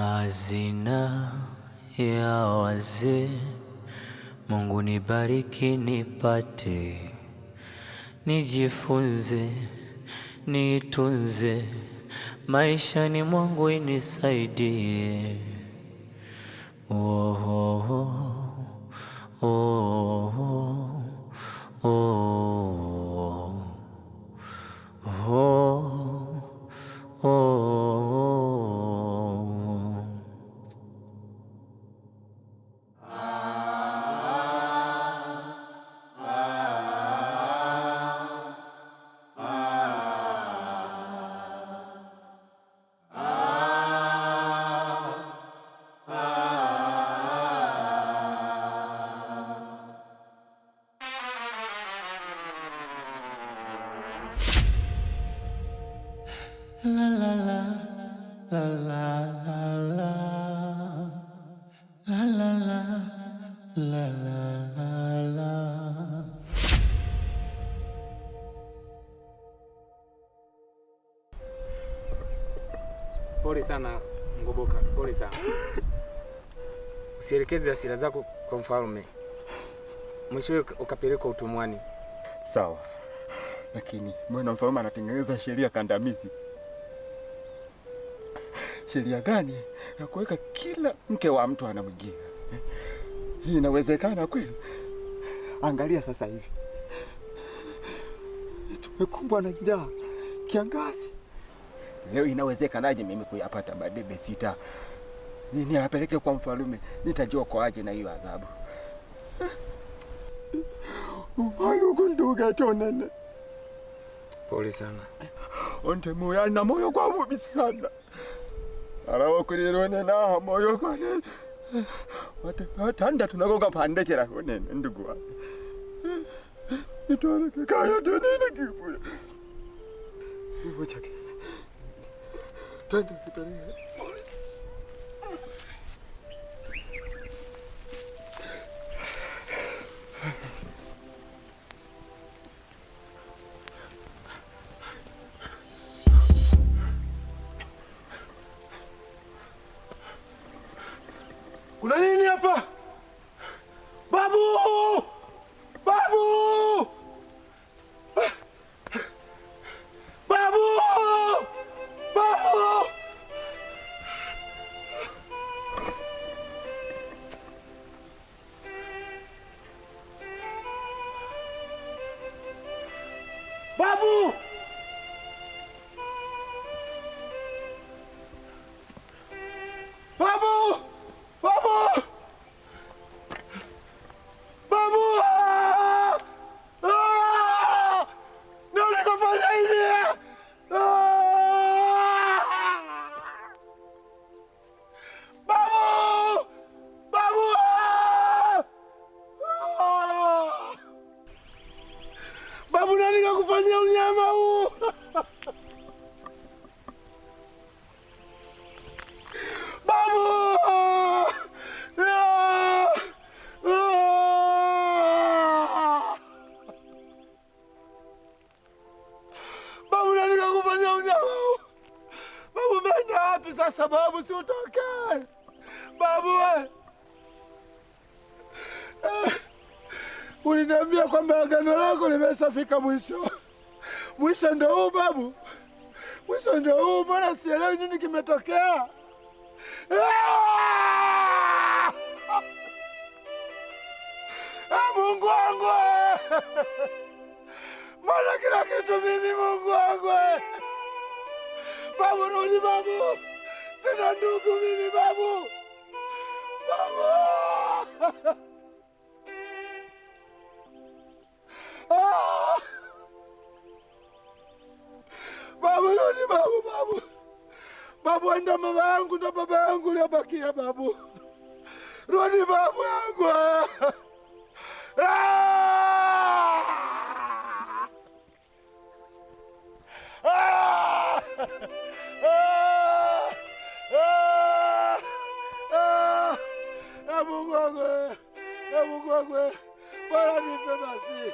Hazina ya wazee, Mungu nibariki, nipate, nijifunze, niitunze, ni mwangu inisaidie. oho, oho, oho. pole sana Ngoboka, pole sana. Usielekeze hasira zako kwa mfalme, mwishowe ukapelekwa utumwani. Sawa, lakini mbona mfalme anatengeneza sheria kandamizi? Sheria gani ya kuweka kila mke wa mtu anamwingia? Hii inawezekana kweli? Angalia sasa hivi tumekumbwa na njaa, kiangazi Leo inawezekanaje mimi kuyapata madebe sita? Niwapeleke kwa mfalume, nitajiokoaje na hiyo adhabu? ayukundugatonana pole sana onte moyo na moyo kwa mubi sana arawakulilonena moyo kwane watanda tunako kapandekera konene ndugu wa nitorekekayo tonene kipula ivo chake Döndüm yukarıya. Sababu si utoke babu we, eh, uliniambia kwamba agano lako limeshafika mwisho. Mwisho huu babu, mwisho ndio huu. Mbona sielewi nini kimetokea? Ah! Ah, Mungu wangu, eh! mbona kila kitu mimi? Mungu wangu, eh! babu, rudi babu, sina ndugu mimi babu, babu ah! babu, rudi babu, babu, babu, enda mama yangu na baba yangu uliobakia babu, rudi babu yangu Mungu wangu, Mungu nipe basi,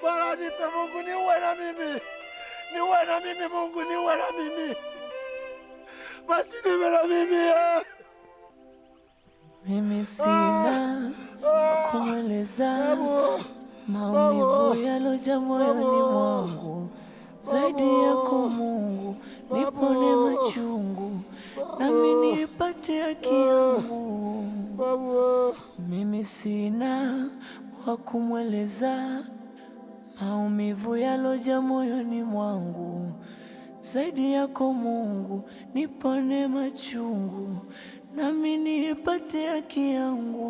Bwana nipe Mungu niwe na mimi niwe na mimi Mungu, niwe na mimi basi, niwe na mimi ya. Ah. Mimi ah. sina ah, kueleza maumivu yaloja moyoni mwangu zaidi yako Mungu, nipone machungu nami nipate haki ah. yangu. Mimi sina wa kumweleza maumivu yaloja moyoni mwangu, zaidi yako Mungu, nipone machungu, nami niipate haki yangu.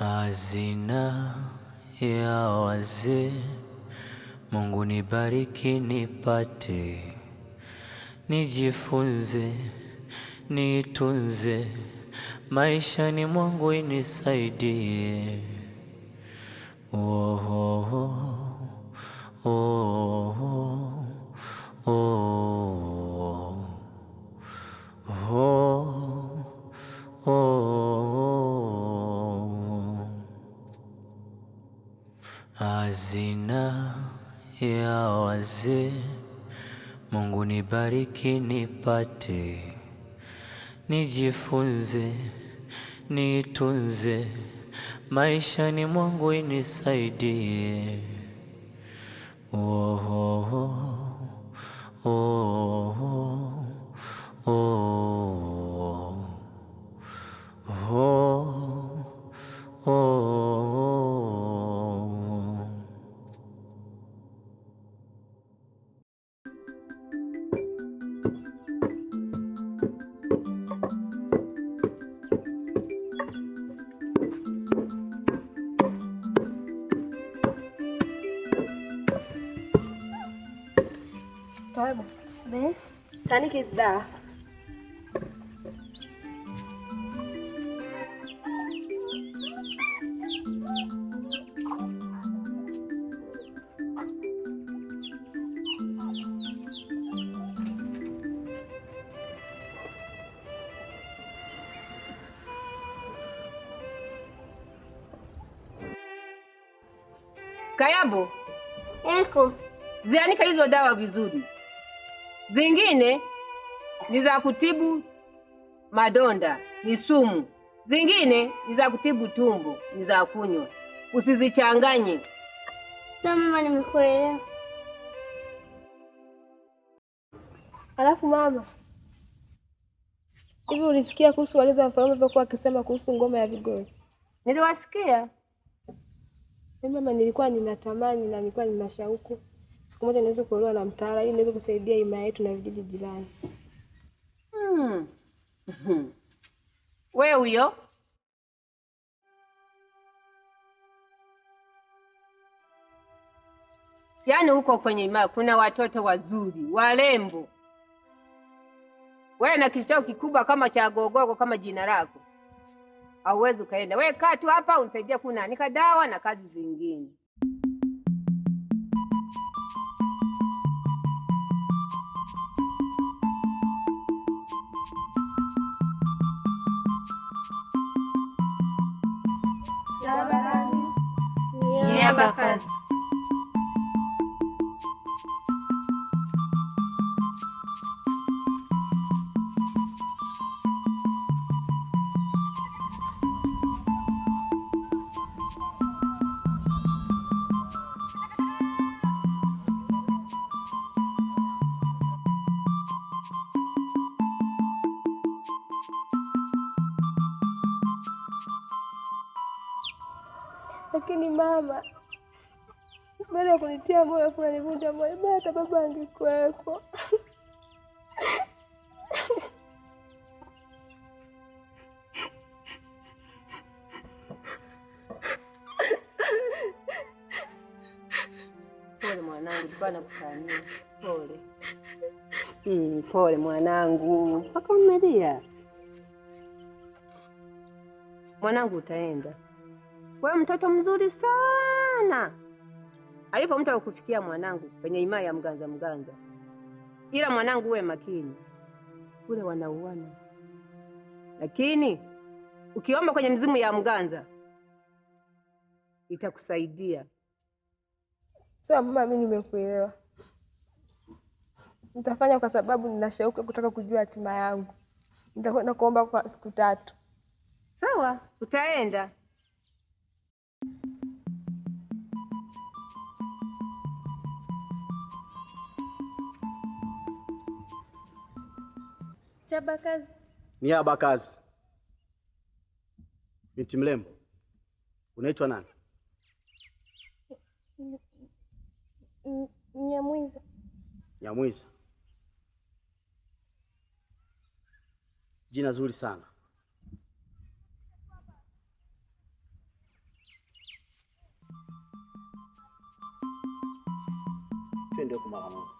Hazina ya wazee, Mungu nibariki, nipate, nijifunze, maisha ni mwangu inisaidie. Woho. nibariki, nipate, nijifunze, nitunze, ni mwangu inisaidie. తనకి ఇద్దా Kayabo, eko zianika hizo dawa vizuri zingine ni za kutibu madonda, ni sumu, zingine ni za kutibu tumbo, ni za kunywa. Usizichanganye. Sawa mama, nimekuelewa. Alafu mama, hivi ulisikia kuhusu wa mfalme walivyokuwa wakisema kuhusu ngoma ya vigozi Niliwasikia mama, nilikuwa ninatamani na nilikuwa nina shauku siku moja niweze kuolewa na mtaala ili niweze kusaidia imaya yetu na vijiji jirani. Hmm. hmm. Wewe huyo yaani, huko kwenye imaya kuna watoto wazuri warembo, wewe na kichao kikubwa kama cha gogogo kama jina lako, hauwezi ukaenda. Wewe kaa tu hapa unisaidia kunaanika dawa na kazi zingine. dilupakan. Lakini mama, baada ya kunitia moyo afu nanivunja moyo, bado hata baba angekuwepo. Pole mwanangu, pana kufanyia pole. Mm, pole mwanangu, mpaka umelia mwanangu, utaenda wewe mtoto mzuri sana alipo mtu akufikia mwanangu kwenye imaa ya mganza mganza, ila mwanangu, uwe makini, kule wanauana, lakini ukiomba kwenye mzimu ya mganza itakusaidia. Sawa mama, mimi nimekuelewa, nitafanya kwa sababu nina shauku kutaka kujua hatima yangu. Nitakwenda kuomba kwa siku tatu. Sawa, utaenda Chabakazi ni Abakazi. Binti mrembo, unaitwa nani? Nyamwiza. Nyamwiza, jina zuri sana. Twende kwa mama.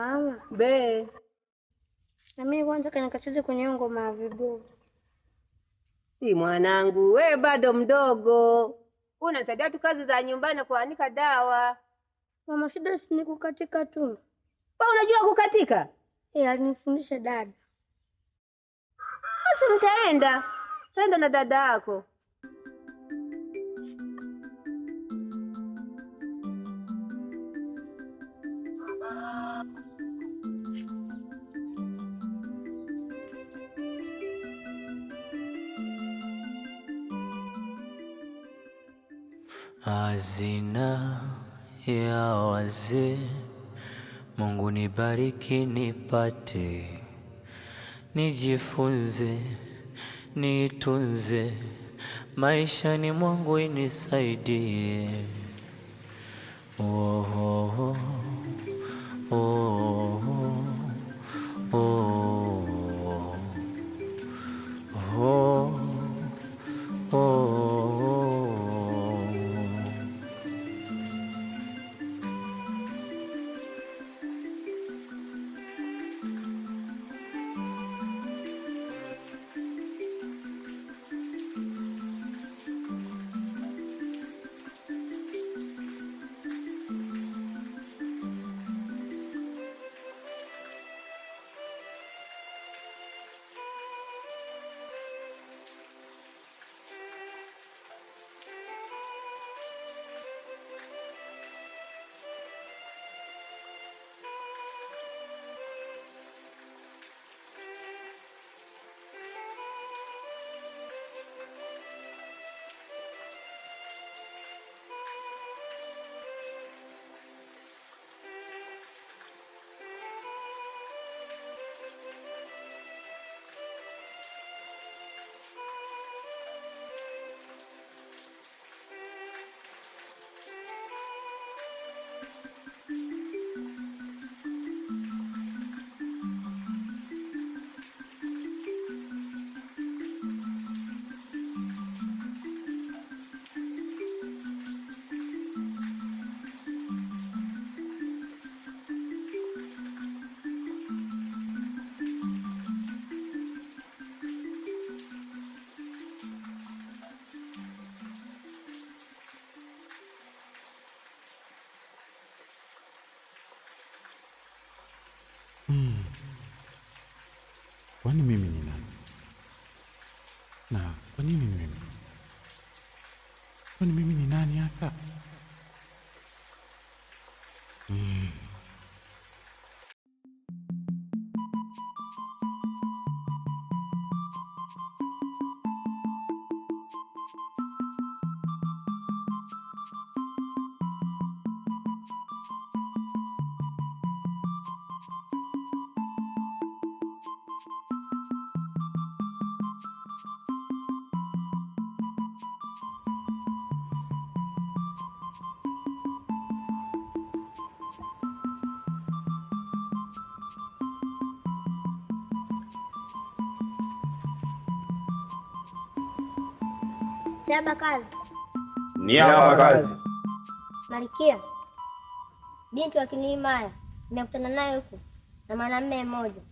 mama be, nami kwanza kanikachuzi kwenye ngoma ya vigogo. Si mwanangu, we bado mdogo, unasaidia tu kazi za nyumbani na kuanika dawa. Mama, shida si ni kukatika tu. ba unajua kukatika? Eh, alinifundisha dada. Basi mtaenda taenda na dada yako Hazina ya wazee. Mungu nibariki, nipate, nijifunze, maisha ni mwangu inisaidie. Hmm. Kwani mimi ni nani? Na kwa nini mimi? Kwani mimi ni nani hasa? Shaba kazi. Niaba kazi. Malkia, binti wa Kinimaya nimekutana naye huko na mwanamume mmoja,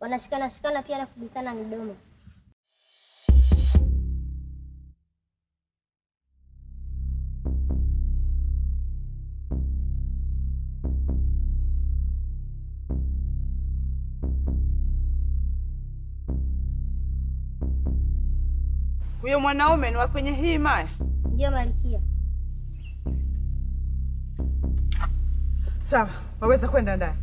wanashikana shikana pia na kugusana midomo. Huyo mwanaume ni wa kwenye hii himaya? Ndio Malkia. Sawa, waweza kwenda ndani.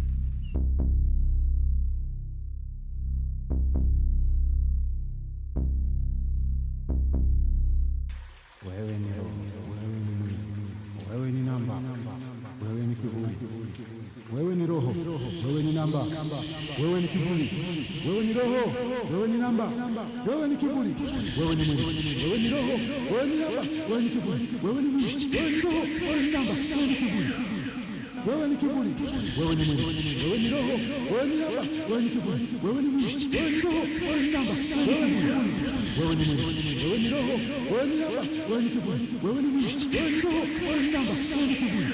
Wewe ni roho, wewe ni namba, wewe ni kivuli, namba, wewe ni kivuli namba, wewe ni kivuli, wewe ni mwili, wewe ni roho, wewe ni namba, wewe ni kivuli, wewe ni mwili, wewe ni roho, wewe ni namba, wewe ni kivuli, wewe ni kivuli, wewe ni mwili, wewe ni roho, wewe ni namba, wewe ni kivuli, wewe ni mwili, wewe ni roho, wewe ni namba, wewe ni kivuli, wewe ni mwili, wewe ni roho, wewe ni namba, wewe ni kivuli, wewe ni mwili, wewe ni roho, wewe ni namba, wewe ni kivuli.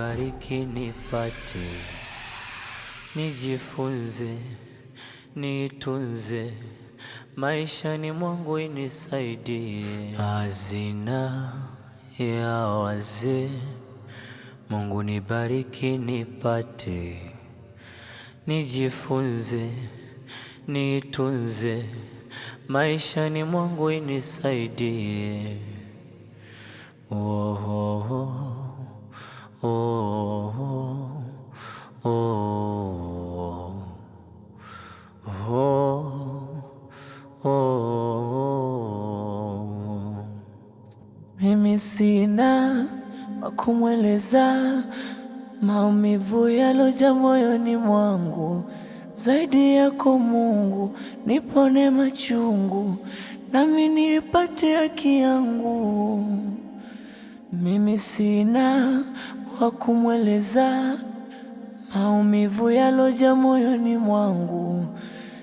nibariki, nipate, nijifunze, nitunze, maishani mwangu inisaidie. Hazina ya wazee, Mungu nibariki, nipate, nijifunze, nitunze, maishani mwangu inisaidie. Wohoho oh. Mimi sina wakumweleza maumivu yaloja moyoni mwangu, zaidi yako Mungu, nipone machungu, nami nipate haki yangu. Mimi sina wa kumweleza maumivu yaloja moyoni mwangu.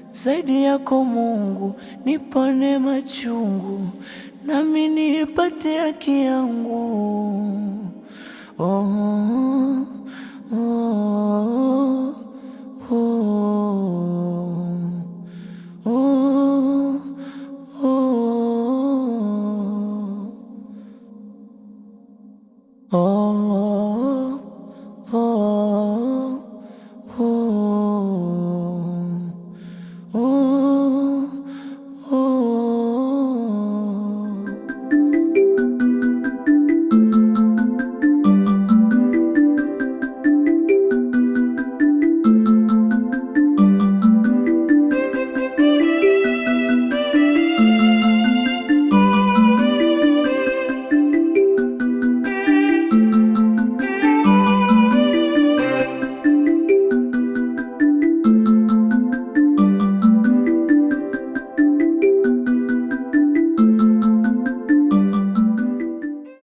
Zaidi yako Mungu, nipone machungu, nami niipate haki yangu. oh, oh, oh, oh, oh. oh. oh.